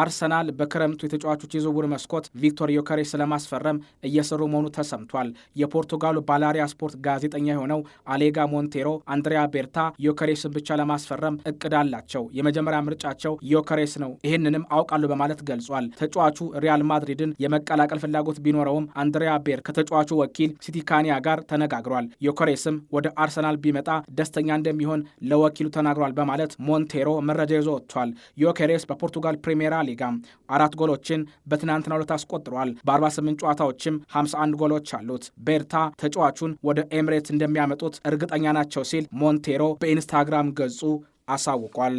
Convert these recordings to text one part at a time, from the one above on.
አርሰናል በክረምቱ የተጫዋቾች የዝውውር መስኮት ቪክቶር ዮከሬስ ለማስፈረም እየሰሩ መሆኑ ተሰምቷል። የፖርቱጋሉ ባላሪያ ስፖርት ጋዜጠኛ የሆነው አሌጋ ሞንቴሮ አንድሪያ ቤርታ ዮከሬስን ብቻ ለማስፈረም እቅድ አላቸው፣ የመጀመሪያ ምርጫቸው ዮከሬስ ነው፣ ይህንንም አውቃለሁ በማለት ገልጿል። ተጫዋቹ ሪያል ማድሪድን የመቀላቀል ፍላጎት ቢኖረውም አንድሪያ ቤር ከተጫዋቹ ወኪል ሲቲካኒያ ጋር ተነጋግሯል። ዮከሬስም ወደ አርሰናል ቢመጣ ደስተኛ እንደሚሆን ለወኪሉ ተናግሯል በማለት ሞንቴሮ መረጃ ይዞ ወጥቷል። ዮከሬስ በፖርቱጋል ፕሪሜራ ላሊጋ አራት ጎሎችን በትናንትናው ዕለት አስቆጥሯል። በ48 ጨዋታዎችም 51 ጎሎች አሉት። ቤርታ ተጫዋቹን ወደ ኤምሬት እንደሚያመጡት እርግጠኛ ናቸው ሲል ሞንቴሮ በኢንስታግራም ገጹ አሳውቋል።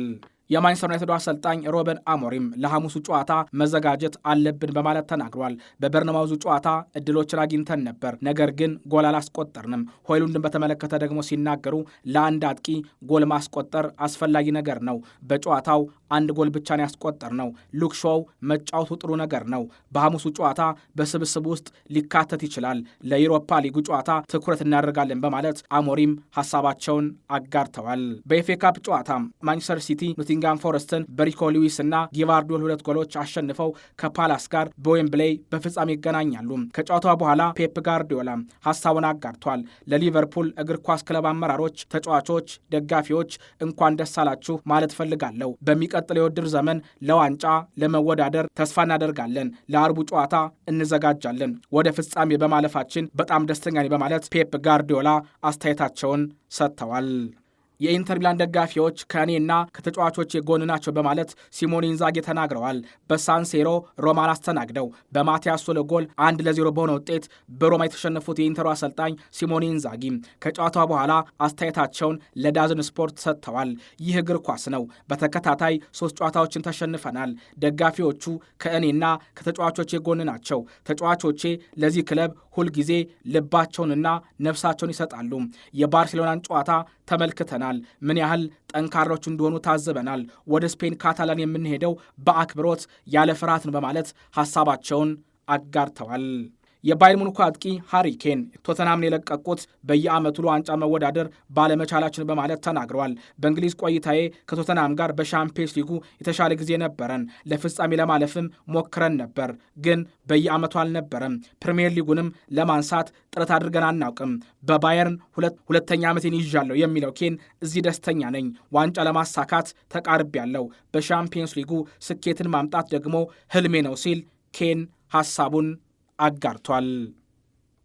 የማንቸስተር ዩናይትዱ አሰልጣኝ ሮበን አሞሪም ለሐሙሱ ጨዋታ መዘጋጀት አለብን በማለት ተናግሯል። በበርነማውዙ ጨዋታ እድሎችን አግኝተን ነበር፣ ነገር ግን ጎል አላስቆጠርንም። ሆይሉንድን በተመለከተ ደግሞ ሲናገሩ ለአንድ አጥቂ ጎል ማስቆጠር አስፈላጊ ነገር ነው። በጨዋታው አንድ ጎል ብቻን ያስቆጠር ነው። ሉክ ሾው መጫወቱ ጥሩ ነገር ነው። በሐሙሱ ጨዋታ በስብስብ ውስጥ ሊካተት ይችላል። ለዩሮፓ ሊጉ ጨዋታ ትኩረት እናደርጋለን በማለት አሞሪም ሀሳባቸውን አጋርተዋል። በኤፍኤ ካፕ ጨዋታ ማንቸስተር ሲቲ ኖቲንጋም ፎረስትን በሪኮ ሊዊስ እና ጊቫርዶል ሁለት ጎሎች አሸንፈው ከፓላስ ጋር በዌምብሌይ በፍጻሜ ይገናኛሉ። ከጨዋታ በኋላ ፔፕ ጋርዲዮላ ሀሳቡን አጋርቷል። ለሊቨርፑል እግር ኳስ ክለብ አመራሮች፣ ተጫዋቾች፣ ደጋፊዎች እንኳን ደስ አላችሁ ማለት ፈልጋለሁ። በሚቀጥለው የውድድር ዘመን ለዋንጫ ለመወዳደር ተስፋ እናደርጋለን። ለአርቡ ጨዋታ እንዘጋጃለን። ወደ ፍጻሜ በማለፋችን በጣም ደስተኛ ነኝ በማለት ፔፕ ጋርዲዮላ አስተያየታቸውን ሰጥተዋል። የኢንተር ሚላን ደጋፊዎች ከእኔና ከተጫዋቾች የጎን ናቸው በማለት ሲሞኔ ኢንዛጌ ተናግረዋል። በሳንሴሮ ሮማን አስተናግደው በማቲያስ ሶሎ ጎል አንድ ለዜሮ በሆነ ውጤት በሮማ የተሸነፉት የኢንተሩ አሰልጣኝ ሲሞኔ ኢንዛጊ ከጨዋታ በኋላ አስተያየታቸውን ለዳዝን ስፖርት ሰጥተዋል። ይህ እግር ኳስ ነው። በተከታታይ ሶስት ጨዋታዎችን ተሸንፈናል። ደጋፊዎቹ ከእኔና ከተጫዋቾች የጎን ናቸው። ተጫዋቾቼ ለዚህ ክለብ ሁልጊዜ ልባቸውንና ነፍሳቸውን ይሰጣሉ። የባርሴሎናን ጨዋታ ተመልክተናል። አይተናል። ምን ያህል ጠንካሮች እንደሆኑ ታዘበናል። ወደ ስፔን ካታላን የምንሄደው በአክብሮት ያለ ፍርሃትን በማለት ሀሳባቸውን አጋርተዋል። የባየር ሙኒኩ አጥቂ ሃሪ ኬን ቶተናምን የለቀቁት በየዓመቱ ለዋንጫ መወዳደር ባለመቻላችን በማለት ተናግረዋል። በእንግሊዝ ቆይታዬ ከቶተናም ጋር በሻምፒየንስ ሊጉ የተሻለ ጊዜ ነበረን። ለፍጻሜ ለማለፍም ሞክረን ነበር፣ ግን በየዓመቱ አልነበረም። ፕሪምየር ሊጉንም ለማንሳት ጥረት አድርገን አናውቅም። በባየርን ሁለተኛ ዓመቴን ይዣለሁ የሚለው ኬን እዚህ ደስተኛ ነኝ። ዋንጫ ለማሳካት ያለው በሻምፒየንስ ሊጉ ስኬትን ማምጣት ደግሞ ህልሜ ነው ሲል ኬን ሐሳቡን አጋርቷል።